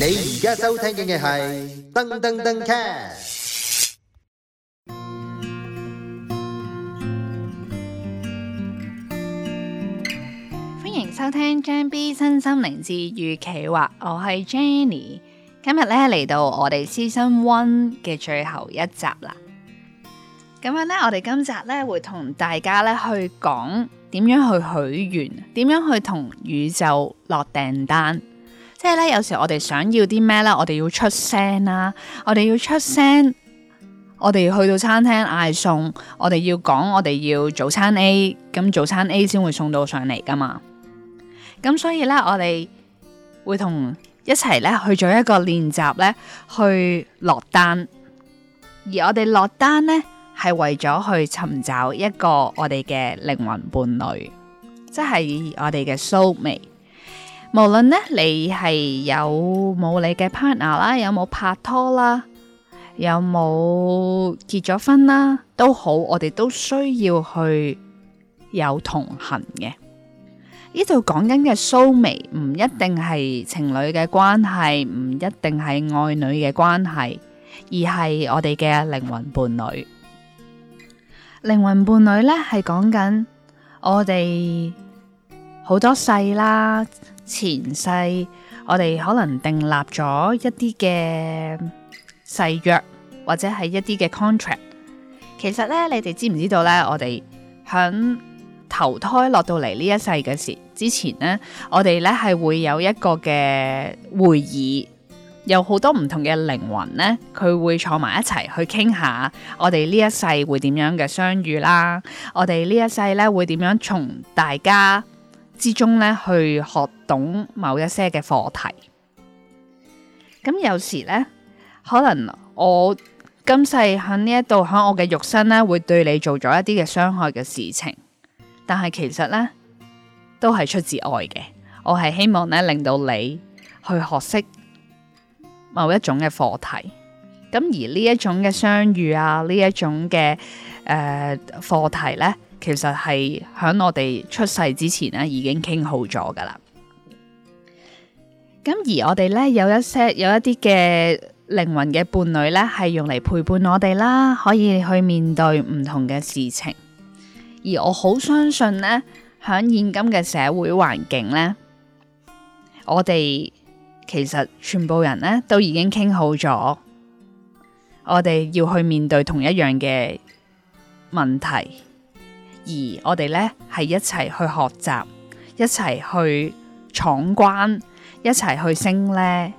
你而家收聽嘅係噔噔噔 cast，歡迎收聽 Jenny 身心靈治愈企劃，我係 Jenny，今日咧嚟到我哋 season one 嘅最後一集啦。咁樣咧，我哋今集咧會同大家咧去講點樣去許願，點樣去同宇宙落訂單。即係咧，有時我哋想要啲咩咧，我哋要出聲啦、啊，我哋要出聲，我哋去到餐廳嗌餸，我哋要講，我哋要早餐 A，咁、嗯、早餐 A 先會送到上嚟噶嘛。咁、嗯、所以咧，我哋會同一齊咧去做一個練習咧，去落單。而我哋落單咧，係為咗去尋找一個我哋嘅靈魂伴侶，即係我哋嘅 soulmate 無論呢，你係有冇你嘅 partner 啦，有冇拍拖啦，有冇結咗婚啦，都好，我哋都需要去有同行嘅。呢度講緊嘅蘇眉，唔一定係情侶嘅關係，唔一定係愛女嘅關係，而係我哋嘅靈魂伴侶。靈魂伴侶咧係講緊我哋好多世啦。前世我哋可能訂立咗一啲嘅誓約，或者係一啲嘅 contract。其實咧，你哋知唔知道咧？我哋響投胎落到嚟呢一世嘅時之前呢，我哋咧係會有一個嘅會議，有好多唔同嘅靈魂咧，佢會坐埋一齊去傾下我哋呢一世會點樣嘅相遇啦。我哋呢一世咧會點樣從大家之中咧，去學懂某一些嘅課題。咁有時咧，可能我今世喺呢一度，喺我嘅肉身咧，會對你做咗一啲嘅傷害嘅事情。但係其實咧，都係出自愛嘅。我係希望咧，令到你去學識某一種嘅課題。咁而呢一種嘅相遇啊，呢一種嘅誒課題咧。其實係喺我哋出世之前咧，已經傾好咗噶啦。咁而我哋咧，有一些有一啲嘅靈魂嘅伴侶咧，係用嚟陪伴我哋啦，可以去面對唔同嘅事情。而我好相信呢，喺現今嘅社會環境呢，我哋其實全部人呢，都已經傾好咗，我哋要去面對同一樣嘅問題。而我哋呢，係一齊去學習，一齊去闖關，一齊去升呢。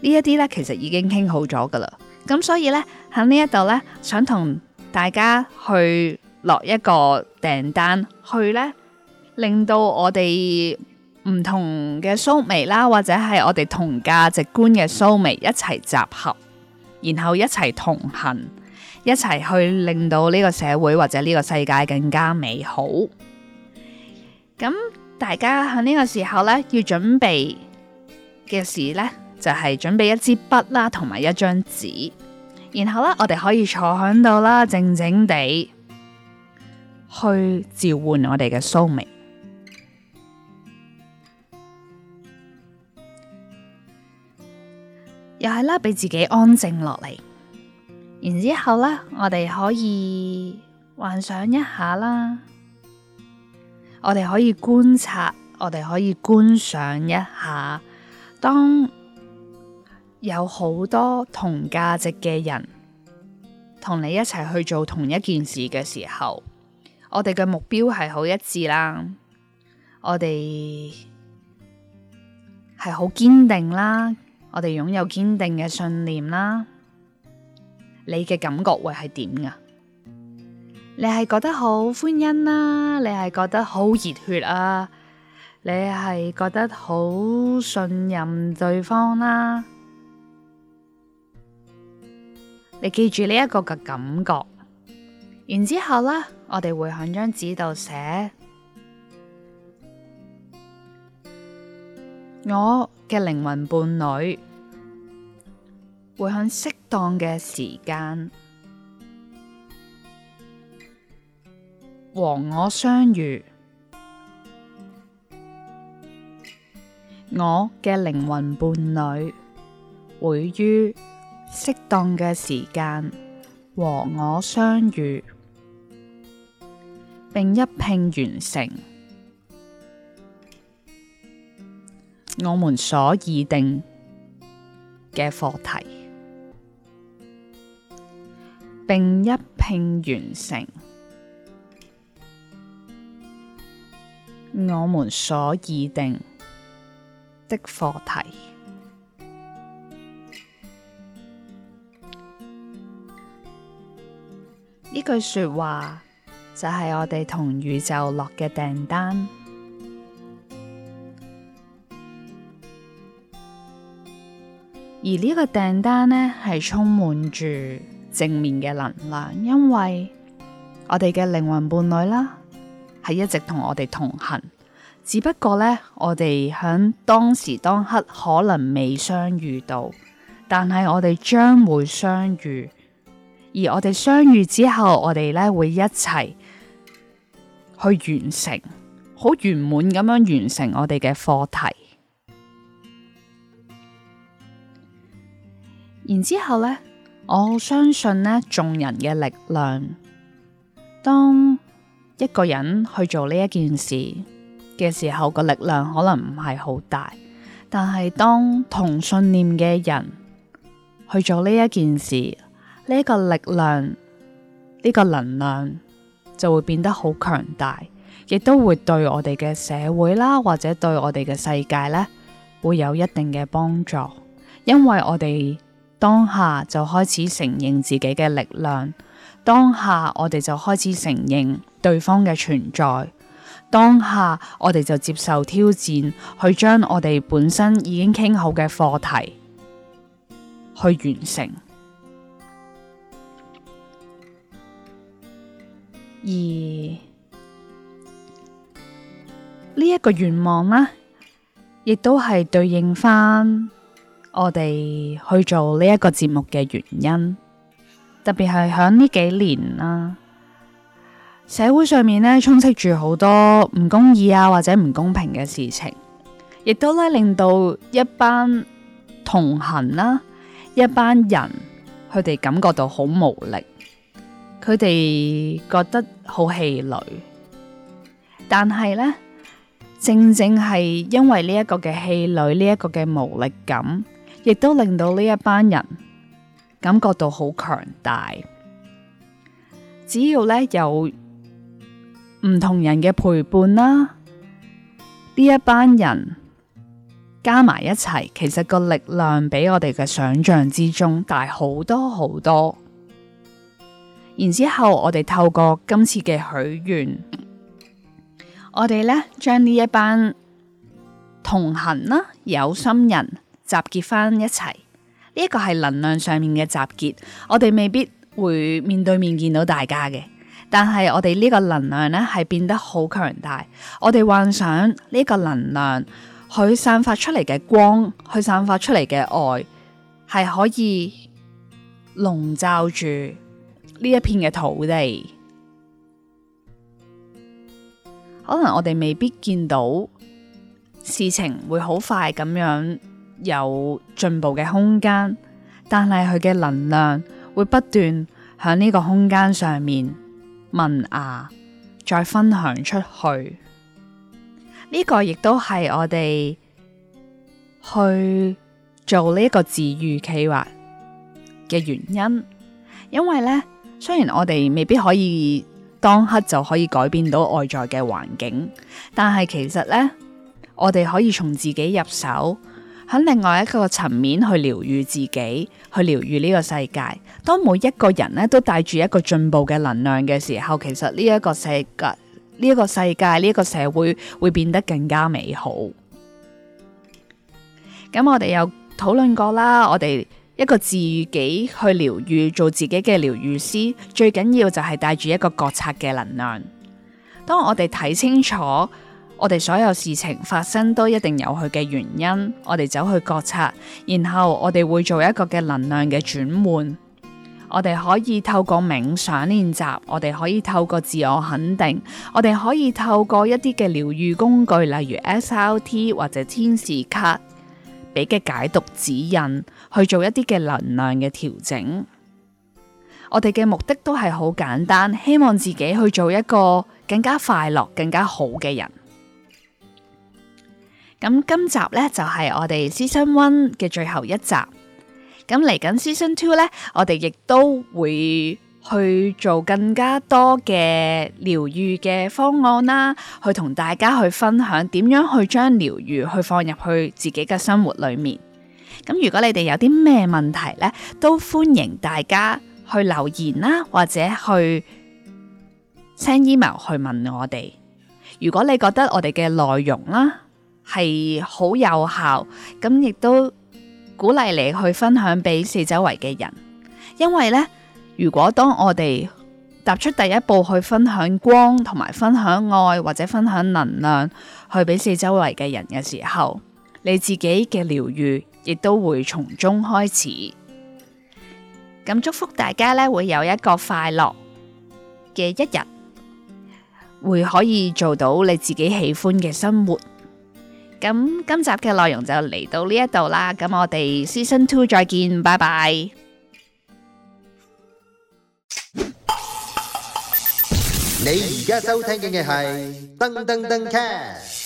呢一啲呢，其實已經傾好咗噶啦。咁所以呢，喺呢一度呢，想同大家去落一個訂單，去呢令到我哋唔同嘅蘇眉啦，或者係我哋同價值觀嘅蘇眉一齊集合，然後一齊同行。一齊去令到呢個社會或者呢個世界更加美好。咁大家喺呢個時候呢，要準備嘅事呢，就係、是、準備一支筆啦，同埋一張紙。然後呢，我哋可以坐響度啦，靜靜地去召喚我哋嘅蘇明。又係啦，俾自己安靜落嚟。然之後咧，我哋可以幻想一下啦。我哋可以觀察，我哋可以觀想一下。當有好多同價值嘅人同你一齊去做同一件事嘅時候，我哋嘅目標係好一致啦。我哋係好堅定啦，我哋擁有堅定嘅信念啦。你嘅感覺會係點啊？你係覺得好歡欣啦，你係覺得好熱血啊，你係覺得好信任對方啦，啊。你記住呢一個嘅感覺，然之後咧，我哋會喺張紙度寫我嘅靈魂伴侶會喺適當嘅時間和我相遇，我嘅靈魂伴侶會於適當嘅時間和我相遇，並一并完成我們所擬定嘅課題。並一併完成我們所擬定的課題。呢句說話就係我哋同宇宙落嘅訂單，而呢個訂單呢，係充滿住。正面嘅能量，因為我哋嘅靈魂伴侶啦，係一直同我哋同行。只不過呢，我哋喺當時當刻可能未相遇到，但係我哋將會相遇。而我哋相遇之後，我哋呢會一齊去完成，好圓滿咁樣完成我哋嘅課題。然之後呢。我相信呢，眾人嘅力量。當一個人去做呢一件事嘅時候，個力量可能唔係好大，但係當同信念嘅人去做呢一件事，呢個力量，呢個能量就會變得好強大，亦都會對我哋嘅社會啦，或者對我哋嘅世界咧，會有一定嘅幫助，因為我哋。當下就開始承認自己嘅力量，當下我哋就開始承認對方嘅存在，當下我哋就接受挑戰去將我哋本身已經傾好嘅課題去完成，而呢一個願望呢，亦都係對應翻。我哋去做呢一個節目嘅原因，特別係響呢幾年啦，社會上面咧充斥住好多唔公義啊或者唔公平嘅事情，亦都咧令到一班同行啦，一班人佢哋感覺到好無力，佢哋覺得好氣餒。但係咧，正正係因為呢一個嘅氣餒，呢一個嘅無力感。亦都令到呢一班人感覺到好強大。只要咧有唔同人嘅陪伴啦，呢一班人加埋一齊，其實個力量比我哋嘅想象之中大好多好多。然之後我哋透過今次嘅許願，我哋咧將呢一班同行啦，有心人。集結翻一齊，呢一個係能量上面嘅集結，我哋未必會面對面見到大家嘅，但係我哋呢個能量呢係變得好強大，我哋幻想呢個能量，佢散發出嚟嘅光，佢散發出嚟嘅愛，係可以籠罩住呢一片嘅土地。可能我哋未必見到事情會好快咁樣。有進步嘅空間，但係佢嘅能量會不斷喺呢個空間上面萌芽，再分享出去。呢個亦都係我哋去做呢一個治癒企劃嘅原因。因為呢，雖然我哋未必可以當刻就可以改變到外在嘅環境，但係其實呢，我哋可以從自己入手。喺另外一個層面去療癒自己，去療癒呢個世界。當每一個人咧都帶住一個進步嘅能量嘅時候，其實呢一個世界，呢一個世界，呢一個社會會變得更加美好。咁我哋又討論過啦，我哋一個自己去療癒，做自己嘅療癒師，最緊要就係帶住一個覺察嘅能量。當我哋睇清楚。我哋所有事情發生都一定有佢嘅原因。我哋走去覺察，然後我哋會做一個嘅能量嘅轉換。我哋可以透過冥想練習，我哋可以透過自我肯定，我哋可以透過一啲嘅療愈工具，例如 SLT 或者天使卡俾嘅解讀指引，去做一啲嘅能量嘅調整。我哋嘅目的都係好簡單，希望自己去做一個更加快樂、更加好嘅人。咁、嗯、今集咧就係、是、我哋 Season One 嘅最後一集。咁嚟緊 Season Two 咧，我哋亦都會去做更加多嘅療癒嘅方案啦，去同大家去分享點樣去將療癒去放入去自己嘅生活裏面。咁、嗯、如果你哋有啲咩問題咧，都歡迎大家去留言啦，或者去 send email 去問我哋。如果你覺得我哋嘅內容啦，係好有效，咁亦都鼓勵你去分享俾四周圍嘅人，因為呢，如果當我哋踏出第一步去分享光同埋分享愛或者分享能量，去俾四周圍嘅人嘅時候，你自己嘅療癒亦都會從中開始。咁祝福大家呢，會有一個快樂嘅一日，會可以做到你自己喜歡嘅生活。咁今集嘅內容就嚟到呢一度啦，咁我哋 Season Two 再見，拜拜。你而家收聽嘅係噔噔噔 Cat。